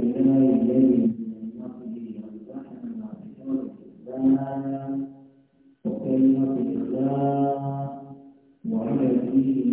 وعلى دين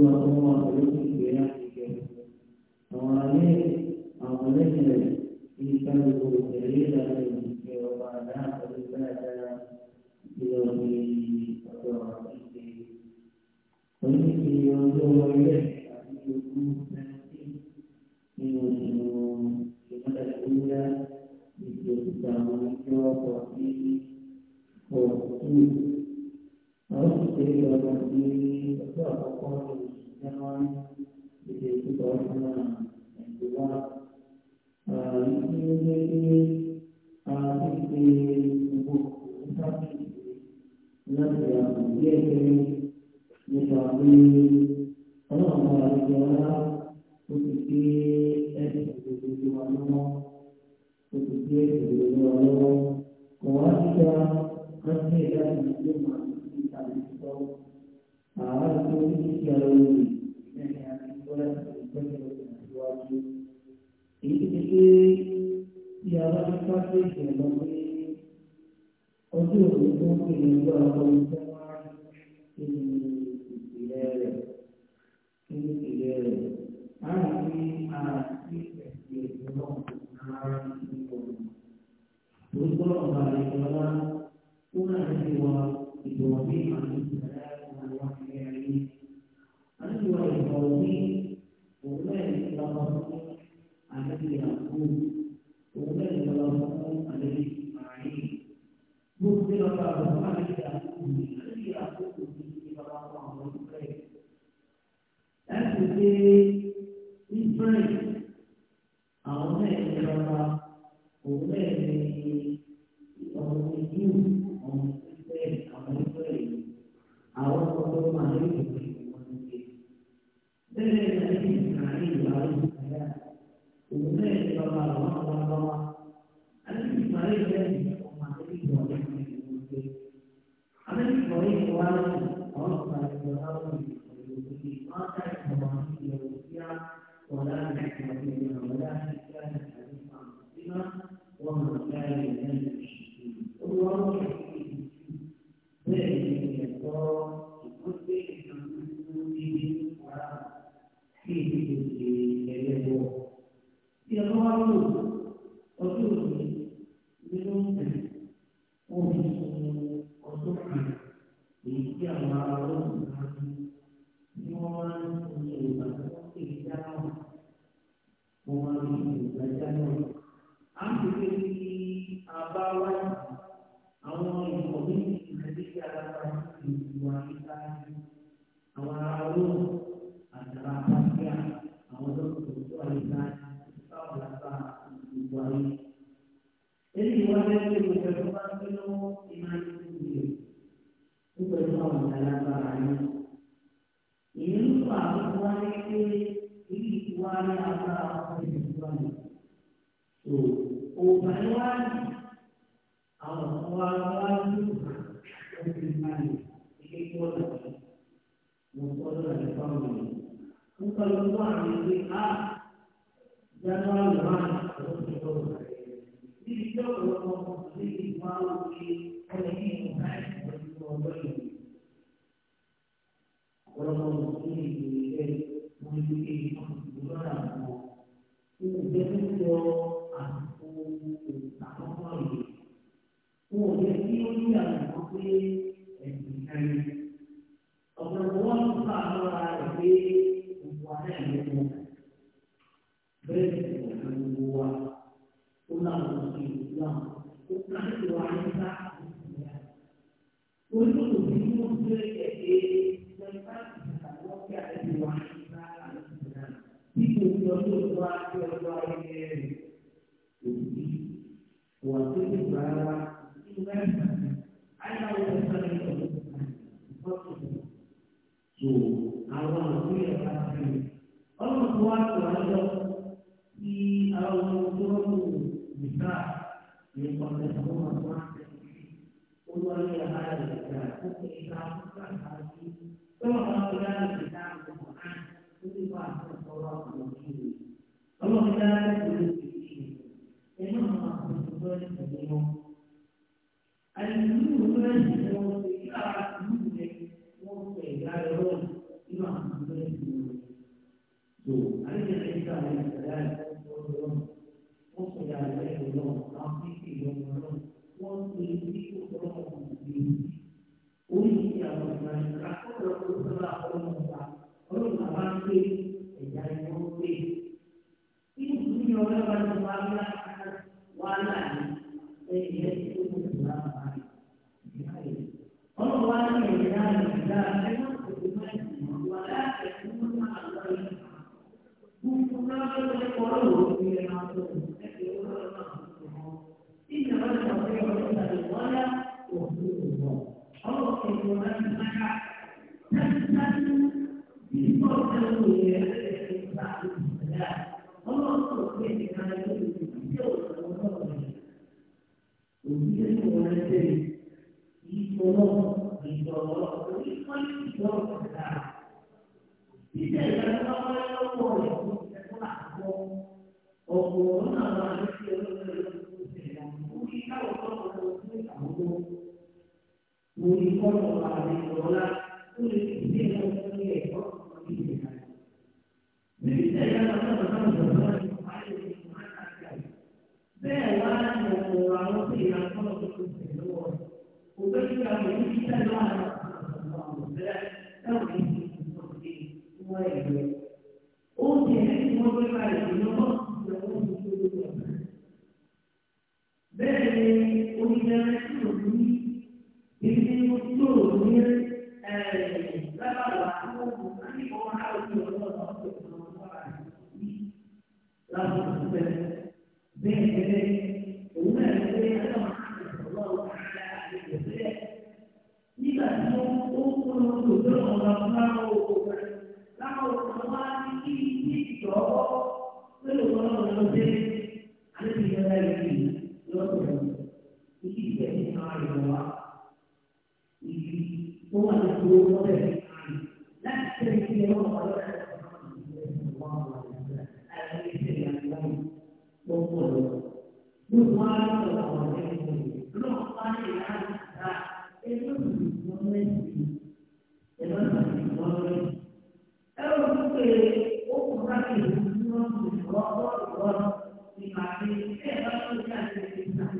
وهو Thank you. tí òun tó ń pè ní ìjọ àwọn iṣẹ́ wá kí ni ìpìlẹ̀ rẹ̀ kí ni ìpìlẹ̀ rẹ̀ láti fi àti ẹ̀sìn ẹ̀sìn náà ara ìdíwọ̀ tó gbọ́ ọ̀gá ìjọba ó náà ń ṣe wa ìdọ̀wọ̀ bí àti ìṣẹ̀lẹ̀ àwọn ọmọ ìrìn àyè. a ń ṣe wa ìdọ̀wọ̀ bí òun náà ń ṣe wa fún àlejò àkókò òun náà ń ṣe wa fún àlejò. pé israel àwọn náà ní ọba òun náà ní ọmọ ìlú ọmọ ìlú. Thank you. kita selalu adalah pasien untuk kualitas kita merasa dibuai. Jadi diwajib itu berkembang dulu iman sendiri. Itu dalam barang ini. Ini lupa dibuai itu ini dibuai apa yang dibuai. So, Allah Allah Tuhan. kota mengkotor dari kamu. Bukan lupa ini a jangan lupa terus berdoa. Jadi kita kalau mau sedikit mau di ini mulai berdoa. Kalau mau ini di mau di berdoa. Ini jadi aku tak mau lagi. Oh, jadi ini yang aku ini Walaupun tak berarti Kumpulannya yang ditemukan Berarti yang membuat Ulang mesti ulang Untuk dirimu sendiri 我们中华民族的骨气，骨子里的爱，就是不屈不挠、自强不息。那么国家的强大，离不开所有人民。那么国家的崛起，那么我们每个人都要努力，努力加油，努力奋斗。祝那些在一线的叔叔、叔叔阿姨。我们国家各个都是那好东西，好东西，大家都知道。今天我们要把那个万万这些东西拿出来，你看，好东西人家有的，人家想不起来什么，我来给补充上来了。补充上这些好东西，让。incomoda la piccola, tu le que che non è proprio difficile. Le dici che la nostra persona è un paio di 50 anni. Beh, guardano la nostra di una cosa che tu sei loro. O per cui la politica è la nostra persona, perché è fazer istituto di muore. O que é que você vai fazer? non vai fazer un que di fare. Bene, بين ذلك وما بين أن محمد صلى الله تعالى عليه وسلم لما يقول ذكر الله له الصلاة في ذكره فلو صلى الله عليه عليه ذلك يقول يجب أن يفعل الله هو المسؤول لا تشترك في يوم Thank you.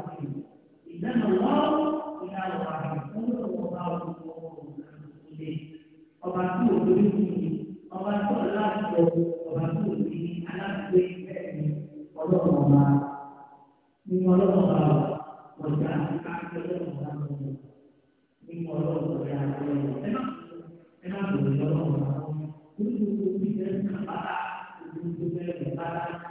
tradiarak sigлейak eta ard eta da. ez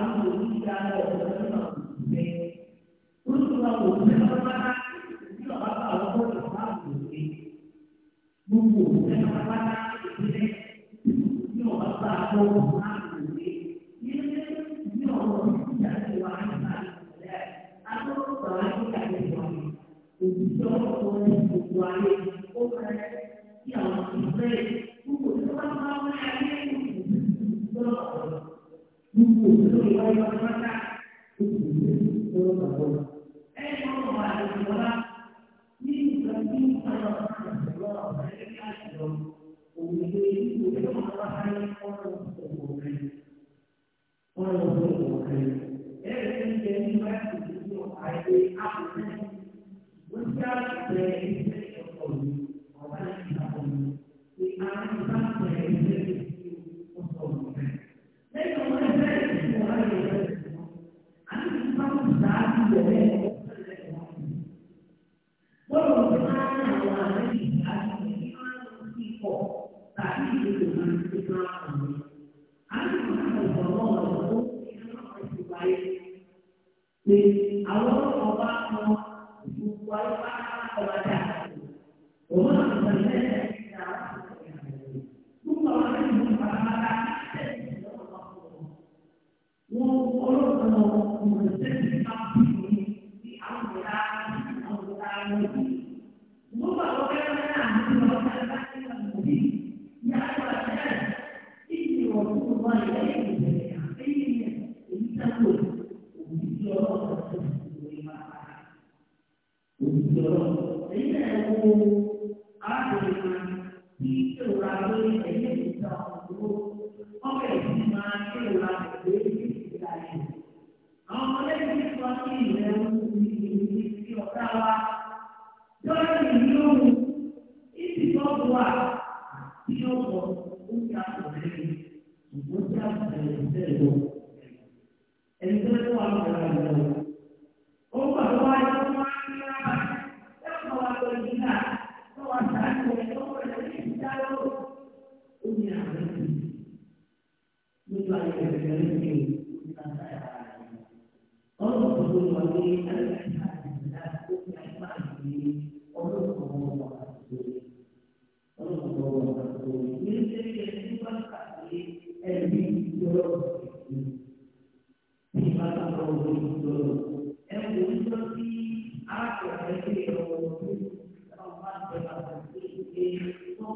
algo muy grande de la de un lugar 孩子啊，我们家的爷爷不容易，好在你不容易。你爷爷身体好，不容易。那个我爷爷，我爷爷也是，俺们他们家里面，我奶奶不容易。我老人家啊，我爷爷家里面，他都辛苦，但是就是他不容易。俺们家的婆婆，她也是不容易。Allah Allah mau buat apa kepada kita? Oh,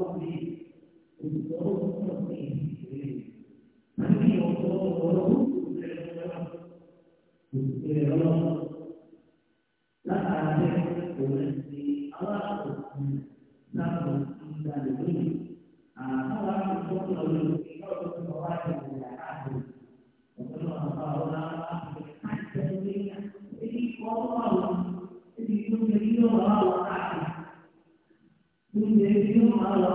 tó bí máa lọ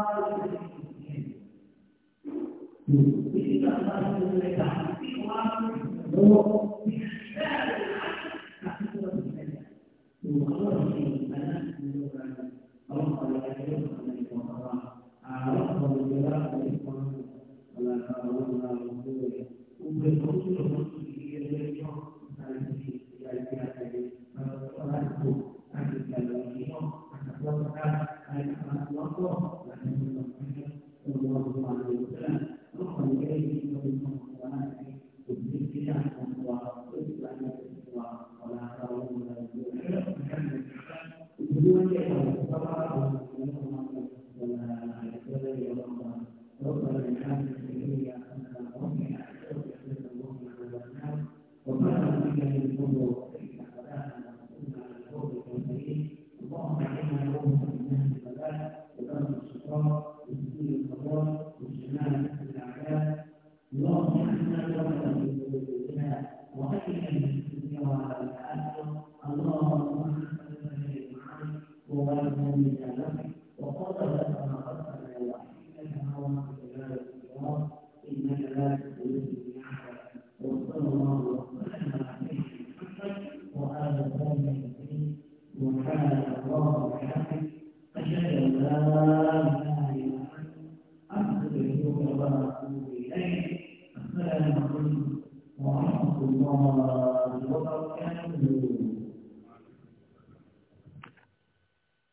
Thank you.